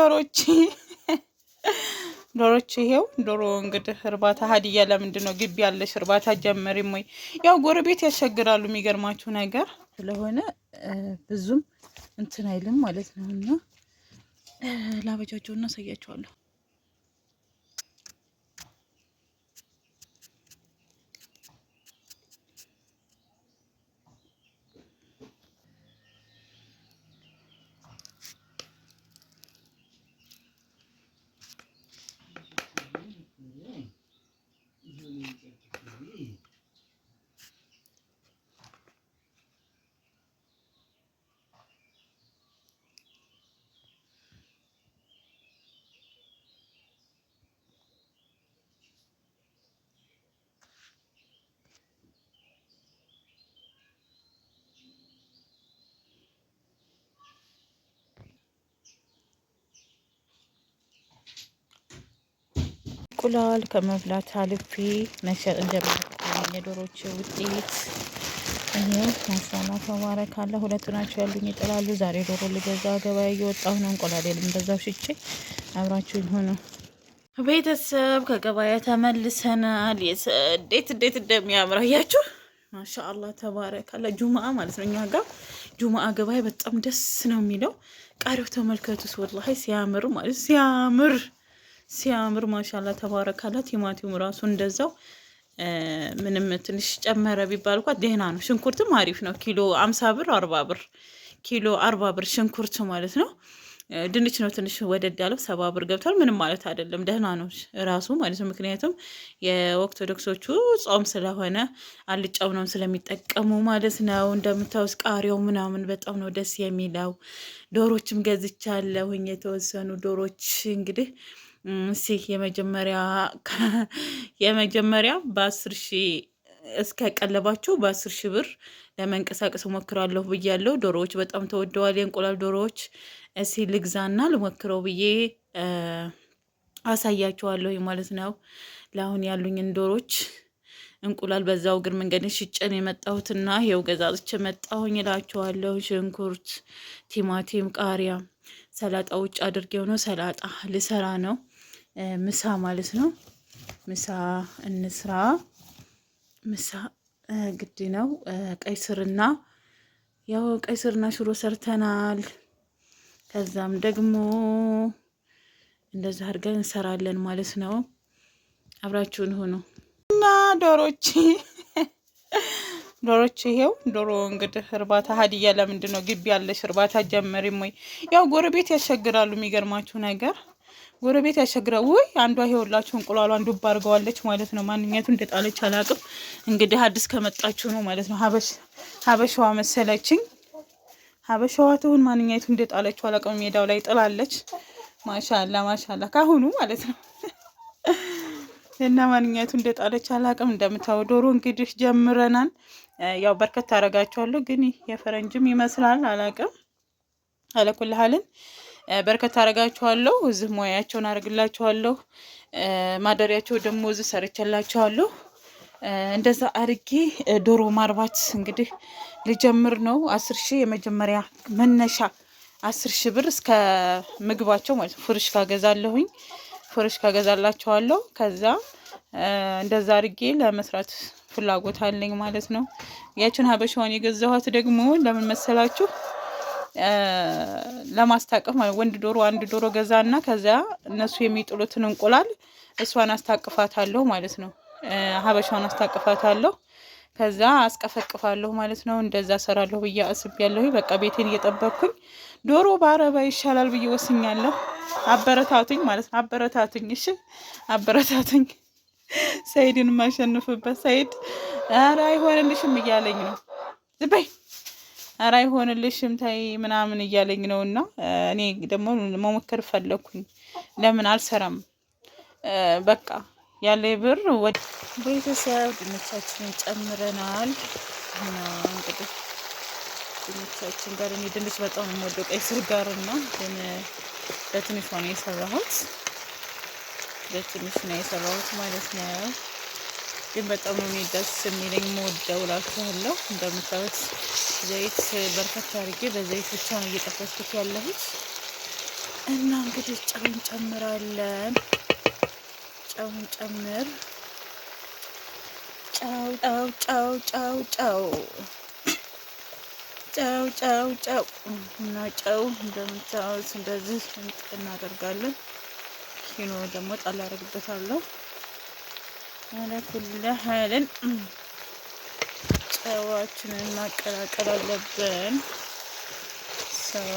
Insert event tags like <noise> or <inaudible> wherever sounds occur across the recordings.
ዶሮች ዶሮች ይሄው ዶሮ እንግዲህ እርባታ ሀዲያ ለምንድን ነው ግቢ ያለሽ እርባታ ጀመሪም ወይ? ያው ጎረቤት ያስቸግራሉ። የሚገርማችሁ ነገር ስለሆነ ብዙም እንትን አይልም ማለት ነው። እና ላበጃቸው እና አሳያቸዋለሁ። እንቁላል ከመብላት አልፌ መሸጥ እንደምንገኝ የዶሮች ውጤት ይሄ ማሻላ አለ። ሁለቱ ናቸው ያሉኝ ይጥላሉ። ዛሬ ዶሮ ልገዛ ገበያ እየወጣሁ ነው። እንቁላል የለም በዛው ሽጬ አብራችሁ ሆነ ቤተሰብ ከገበያ ተመልሰናል። እንዴት እንዴት እንደሚያምር አያችሁ። ማሻአላ ተባረካለ። ጁምአ ማለት ነው እኛ ጋር ጁምአ ገበያ በጣም ደስ ነው የሚለው። ቃሪው ተመልከቱስ፣ ወላሂ ሲያምር ማለት ሲያምር ሲያምር ማሻላ ተባረካላ። ቲማቲሙ ራሱ እንደዛው ምንም ትንሽ ጨመረ ቢባል እንኳ ደህና ነው። ሽንኩርትም አሪፍ ነው። ኪሎ አምሳ ብር አርባ ብር ኪሎ አርባ ብር ሽንኩርት ማለት ነው። ድንች ነው ትንሽ ወደድ ያለው ሰባ ብር ገብቷል። ምንም ማለት አይደለም፣ ደህና ነው ራሱ ማለት ነው። ምክንያቱም የኦርቶዶክሶቹ ጾም ስለሆነ አልጫው ነው ስለሚጠቀሙ ማለት ነው። እንደምታውስ ቃሪያው ምናምን በጣም ነው ደስ የሚለው። ዶሮችም ገዝቻለሁኝ የተወሰኑ ዶሮች እንግዲህ እስኪ የመጀመሪያ የመጀመሪያ በአስር ሺህ እስከ ቀለባቸው በአስር ሺህ ብር ለመንቀሳቀስ እሞክራለሁ ብያለሁ። ዶሮዎች በጣም ተወደዋል። የእንቁላል ዶሮዎች እስኪ ልግዛና ልሞክረው ብዬ አሳያችኋለሁ ማለት ነው። ለአሁን ያሉኝን ዶሮዎች እንቁላል በዛው እግር መንገድ ሽጨን የመጣሁትና ይኸው ገዛዝች መጣሁኝ እላችኋለሁ። ሽንኩርት፣ ቲማቲም፣ ቃሪያ፣ ሰላጣ ውጭ አድርጌው ነው ሰላጣ ልሰራ ነው ምሳ ማለት ነው። ምሳ እንስራ ምሳ ግድ ነው። ቀይ ስርና ያው ቀይ ስርና ሽሮ ሰርተናል። ከዛም ደግሞ እንደዚህ አድርገን እንሰራለን ማለት ነው። አብራችሁን ሆኖ እና ዶሮች ዶሮች ይሄው ዶሮ እንግዲህ እርባታ ሀዲያ ለምንድን ነው ግቢ ያለሽ እርባታ ጀመሪም ወይ? ያው ጎረቤት ያስቸግራሉ የሚገርማችሁ ነገር ጎረቤት ያሸግራ። ውይ አንዷ ይኸውላችሁ እንቁላሏን ዱብ አድርገዋለች ማለት ነው። ማንኛቱ እንደጣለች አላቅም። እንግዲህ አዲስ ከመጣችሁ ነው ማለት ነው። ሀበሻዋ መሰለችኝ። ሀበሻዋ ትሁን ማንኛቱ እንደጣለችው አላቅም። ሜዳው ላይ ጥላለች። ማሻላ ማሻላ ካሁኑ ማለት ነው። እና ማንኛቱ እንደጣለች አላቅም። እንደምታው ዶሮ እንግዲህ ጀምረናል። ያው በርከት ታደርጋችኋለሁ፣ ግን የፈረንጅም ይመስላል አላቅም አለኩልሃልን በርከት አረጋችኋለሁ። እዚህ ሙያቸውን አርግላችኋለሁ። ማደሪያቸው ደግሞ እዚህ ሰርቼላችኋለሁ። እንደዛ አድርጌ ዶሮ ማርባት እንግዲህ ልጀምር ነው። አስር ሺህ የመጀመሪያ መነሻ አስር ሺህ ብር እስከ ምግባቸው ማለት ነው። ፍርሽ ካገዛለሁኝ ፍርሽ ካገዛላችኋለሁ። ከዛ እንደዛ አድርጌ ለመስራት ፍላጎት አለኝ ማለት ነው። ያችን ሀበሻዋን የገዛኋት ደግሞ ለምን መሰላችሁ? ለማስታቀፍ ማለት ወንድ ዶሮ አንድ ዶሮ ገዛ እና ከዚያ እነሱ የሚጥሉትን እንቁላል እሷን አስታቅፋታለሁ ማለት ነው። ሀበሻውን አስታቅፋታለሁ ከዛ አስቀፈቅፋለሁ ማለት ነው። እንደዛ ሰራለሁ ብዬ አስቤያለሁ። በቃ ቤቴን እየጠበቅኩኝ ዶሮ ባረባ ይሻላል ብዬ ወስኛለሁ። አበረታቱኝ ማለት ነው። አበረታቱኝ፣ እሺ አበረታቱኝ። ሰይድን የማሸንፍበት ሰይድ ኧረ አይሆንልሽም እያለኝ ነው። ዝበይ ኧረ አይሆንልሽም ታይ ምናምን እያለኝ ነው። እና እኔ ደግሞ መሞከር ፈለኩኝ። ለምን አልሰራም? በቃ ያለ ብር ወደ ቤተሰብ ድንቻችንን ጨምረናል እና እንግዲህ ድንቻችን ጋር እኔ ድንች በጣም የምወደው ቀይ ስር ጋር እና ግን በትንሿ ነው የሰራሁት። በትንሽ ነው የሰራሁት ማለት ነው። ግን በጣም ነው ደስ የሚለኝ መወደው እላችኋለሁ። እንደምታዩት ዘይት በርከት አድርጌ በዘይት ብቻ ነው እየጠበስኩት ያለሁት እና እንግዲህ ጨው እንጨምራለን። ጨው እንጨምር። ጨው ጨው ጨው ጨው ጨው ጨው ጨው ጨው እና ጨው እንደምታዩት እንደዚህ እናደርጋለን። ኪኖ ደግሞ ጣል አደርግበታለሁ አለኩል ሀልን ጨዋችንን ማቀላቀል አለብን። ሰው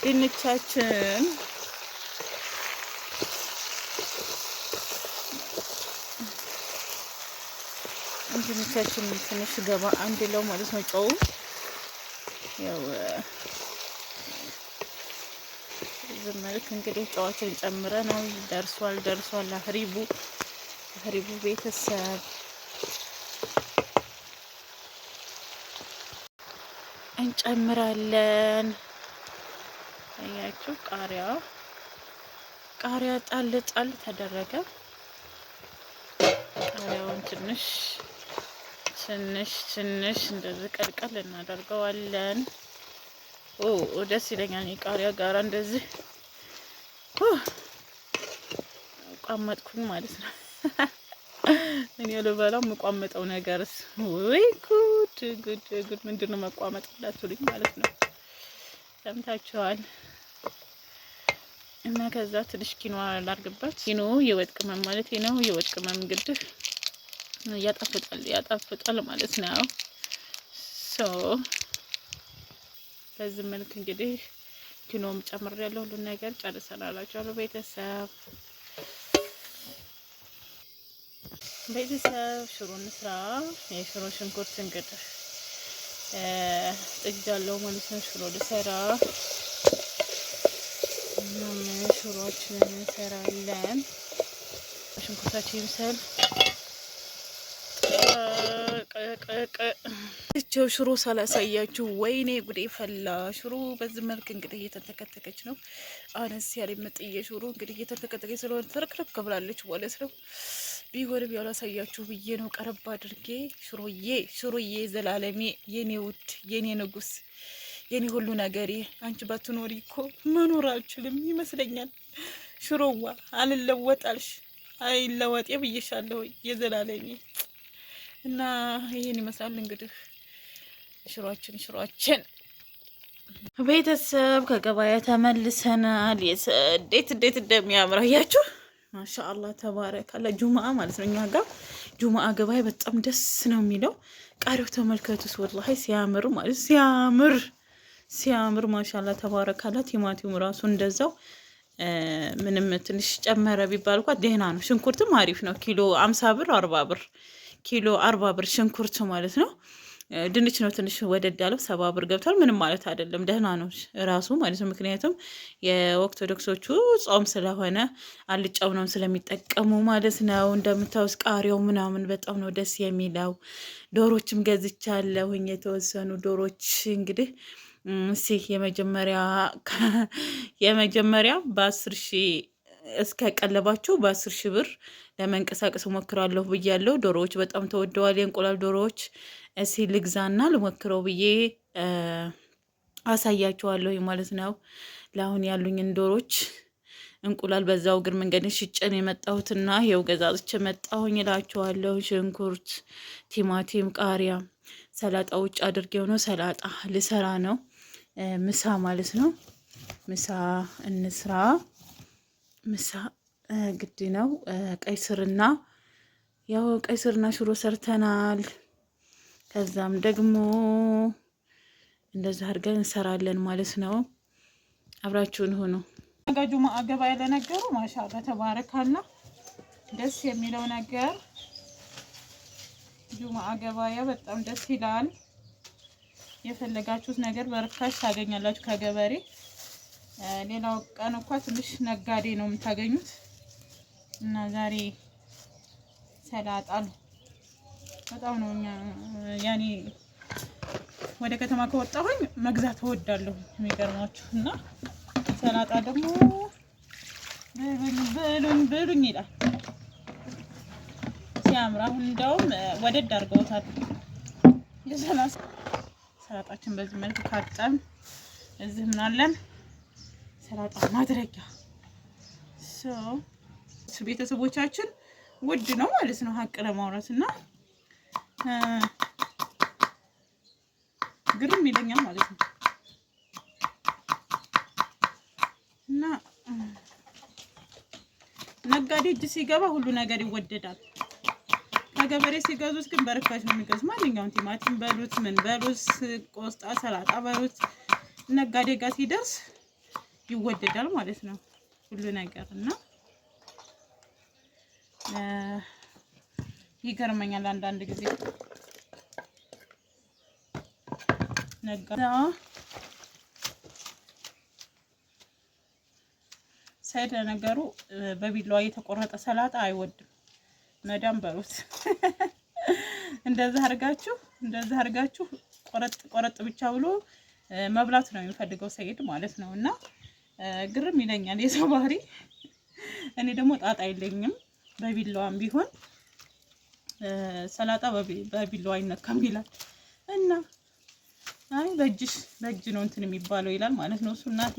ድንቻችን ድንቻችን ትንሽ ገባ አንድ ለው ማለት ነው። ጨው ያው መልክ እንግዲህ ጨዋችን ጨምረናል። ደርሷል ደርሷል አህሪቡ ተሪቡ ቤተሰብ እንጨምራለን። እያችሁ ቃሪያ ቃሪያ ጣል ጣል ተደረገ። ቃሪያውን ትንሽ ትንሽ ትንሽ እንደዚህ ቀልቀል እናደርገዋለን። ኦ ደስ ይለኛል ቃሪያ ጋራ እንደዚህ ቋመጥኩኝ ማለት ነው። <laughs> እኔ ልበላው መቋመጠው ነገርስ ወይ ጉድ ጉድ ጉድ! ምንድን ነው መቋመጥ እንዳትሉኝ ማለት ነው። ሰምታችኋል። እና ከዛ ትንሽ ኪኖ ላርግበት። ኪኖ የወጥ ቅመም ማለት ነው። የወጥ ቅመም እንግዲህ ያጣፍጣል ያጣፍጣል ማለት ነው። ሶ በዚህ መልክ እንግዲህ ኪኖም ጨምሬያለሁ። ሁሉን ነገር ጨርሰናል አላችሁ ቤተሰብ ቤተሰብ ሽሮ እንስራ። የሽሮ ሽንኩርት እንግዲህ ጥጃለሁ ማለት ነው። ሽሮ ልሰራ ምናምን ሽሮችን እንሰራለን። ሽንኩርታችን ይምሰል። ቀቀቀ ናቸው። ሽሮ ሳላሳያችሁ ወይኔ ጉዴ ፈላ። ሽሮ በዚህ መልክ እንግዲህ እየተንተከተከች ነው። አነስ ያለ መጥዬ ሽሮ እንግዲህ እየተንተከተከች ስለሆነ ተረክረክ ብላለች ማለት ነው። ቢሆንም ያላሳያችሁ ብዬ ነው ቀረብ አድርጌ። ሽሮዬ ሽሮዬ፣ ዘላለሜ፣ የኔ ውድ፣ የኔ ንጉስ፣ የኔ ሁሉ ነገሬ፣ አንቺ ባትኖሪ እኮ መኖር አልችልም ይመስለኛል። ሽሮዋ አልለወጣልሽ አይለወጥ ብዬሻለሁ የዘላለሜ እና ይህን ይመስላል እንግዲህ ሽሮችን ሽሮችን ቤተሰብ ከገበያ ተመልሰናል። እንዴት እንዴት እንደሚያምር አያችሁ። ማሻአላ ተባረካለ። ጁማአ ማለት ነው። እኛ ጋር ጁማአ ገበያ በጣም ደስ ነው የሚለው። ቃሪው ተመልከቱስ፣ ወላሂ ሲያምር ማለት ሲያምር ሲያምር። ማሻላ ተባረካላ። ቲማቲም ራሱ እንደዛው ምንም ትንሽ ጨመረ ቢባል እንኳ ደህና ነው። ሽንኩርትም አሪፍ ነው። ኪሎ አምሳ ብር አርባ ብር ኪሎ አርባ ብር ሽንኩርት ማለት ነው። ድንች ነው ትንሽ ወደድ ያለው ሰባ ብር ገብቷል። ምንም ማለት አይደለም፣ ደህና ነው ራሱ ማለት ነው። ምክንያቱም የኦርቶዶክሶቹ ጾም ስለሆነ አልጫው ነው ስለሚጠቀሙ ማለት ነው። እንደምታውስ ቃሪያው ምናምን በጣም ነው ደስ የሚለው። ዶሮችም ገዝቻለሁኝ የተወሰኑ ዶሮች እንግዲህ እሲ የመጀመሪያ የመጀመሪያ በአስር ሺህ እስከ ቀለባቸው በአስር ሺህ ብር ለመንቀሳቀስ ሞክራለሁ ብያለሁ። ዶሮዎች በጣም ተወደዋል። የእንቁላል ዶሮዎች እስኪ ልግዛና ልሞክረው ብዬ አሳያችኋለሁ ማለት ነው። ለአሁን ያሉኝን ዶሮች እንቁላል በዛው እግር መንገድ ሽጨን የመጣሁትና ይኸው ገዛዝቼ መጣሁኝ እላችኋለሁ። ሽንኩርት፣ ቲማቲም፣ ቃሪያ፣ ሰላጣ ውጭ አድርጌው ነው ሰላጣ ልሰራ ነው ምሳ ማለት ነው። ምሳ እንስራ ምሳ ግድ ነው። ቀይ ስርና ያው ቀይ ስርና ሽሮ ሰርተናል። ከዛም ደግሞ እንደዛ አድርገን እንሰራለን ማለት ነው። አብራችሁን ሆኖ አዘጋጁ ማዕገባ ያለነገሩ ነገሩ ማሻላ ደስ የሚለው ነገር ጁማ ገበያ በጣም ደስ ይላል። የፈለጋችሁት ነገር በርካሽ ታገኛላችሁ ከገበሬ ሌላው ቀን እንኳ ትንሽ ነጋዴ ነው የምታገኙት። እና ዛሬ ሰላጣ ነው። በጣም ነው ያኔ ወደ ከተማ ከወጣሁኝ መግዛት እወዳለሁ የሚገርማችሁ። እና ሰላጣ ደግሞ ብሉኝ በሉኝ ይላል ሲያምር። አሁን እንደውም ወደድ አድርገውታል። የሰላጣችን በዚህ መልኩ ካጠም እዚህ ምናለን ሰላጣ ማድረጊያ ቤተሰቦቻችን ውድ ነው ማለት ነው ሀቅ ለማውራት እና ግርም ይለኛል ማለት ነው እና ነጋዴ እጅ ሲገባ ሁሉ ነገር ይወደዳል። ከገበሬ ሲገዙት ግን በርካሽ ነው የሚገዙት። ማንኛውም ቲማቲም በሉት ምን በሉት ቆስጣ፣ ሰላጣ በሉት ነጋዴ ጋር ሲደርስ ይወደዳል ማለት ነው ሁሉ ነገር እና ይገርመኛል አንዳንድ ጊዜ ነጋ ሰይድ ነገሩ በቢላዋ የተቆረጠ ሰላጣ አይወድም። መዳም በሉት እንደዛ አርጋችሁ እንደዛ አርጋችሁ ቆረጥ ቆረጥ ብቻ ብሎ መብላት ነው የሚፈልገው ሰይድ ማለት ነው እና ግርም ይለኛል የሰው ባህሪ። እኔ ደግሞ ጣጣ የለኝም። በቢላዋም ቢሆን ሰላጣ በቢላዋ አይነካም ይላል እና አይ በእጅሽ በእጅ ነው እንትን የሚባለው ይላል ማለት ነው እሱ። እናቴ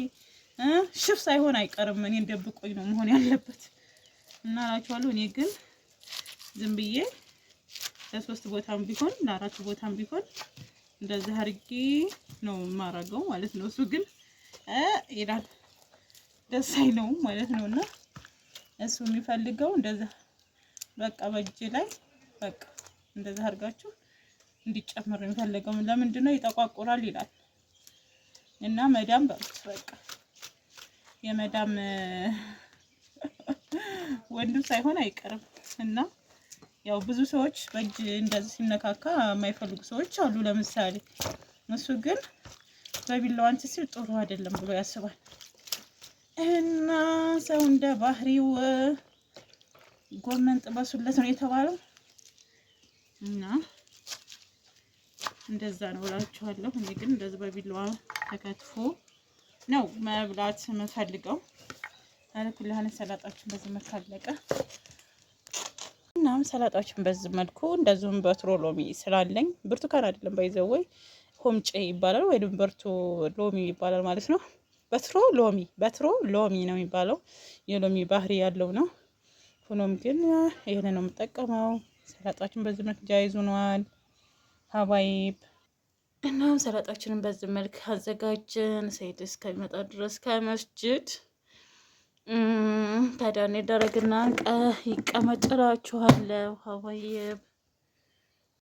ሽፍ ሳይሆን አይቀርም። እኔ ደብቆኝ ነው መሆን ያለበት እና እላችኋለሁ። እኔ ግን ዝም ብዬ ለሶስት ቦታም ቢሆን ለአራት ቦታም ቢሆን እንደዚህ አድርጌ ነው የማረገው ማለት ነው። እሱ ግን ይላል ደስ አይለውም ማለት ነው። እና እሱ የሚፈልገው እንደዛ በቃ በእጅ ላይ በቃ እንደዛ አድርጋችሁ እንዲጨምር የሚፈልገው ለምንድን ነው ይጠቋቁራል ይላል። እና መዳም በሩት በቃ የመዳም <laughs> ወንድም ሳይሆን አይቀርም እና ያው ብዙ ሰዎች በእጅ እንደዚህ ሲነካካ የማይፈልጉ ሰዎች አሉ። ለምሳሌ እሱ ግን በቢላዋ እንትን ሲል ጥሩ አይደለም ብሎ ያስባል። እና ሰው እንደ ባህሪው ጎመን ጥበሱለት ነው የተባለው። እና እንደዛ ነው እላችኋለሁ። እኔ ግን እንደዚህ በቢላዋ ተከትፎ ነው መብላት የምፈልገው። አለኩላህን ሰላጣችን በዚህ መልኩ አለቀ። እናም ሰላጣችን በዚህ መልኩ እንደዚሁም በትሮ ሎሚ ስላለኝ ብርቱካን አይደለም ባይዘወይ ሆምጬ ይባላል ወይ በርቶ ሎሚ ይባላል ማለት ነው በትሮ ሎሚ በትሮ ሎሚ ነው የሚባለው። የሎሚ ባህሪ ያለው ነው። ሆኖም ግን ይህን ነው የምጠቀመው። ሰላጣችን በዚህ መልክ ጃይዙኗል ሀባይብ እናም ሰላጣችንን በዚህ መልክ አዘጋጅን። ሰይድ እስከሚመጣ ድረስ ከመስጅድ ታዳኔ ደረግና ይቀመጭላችኋለሁ ሀባይብ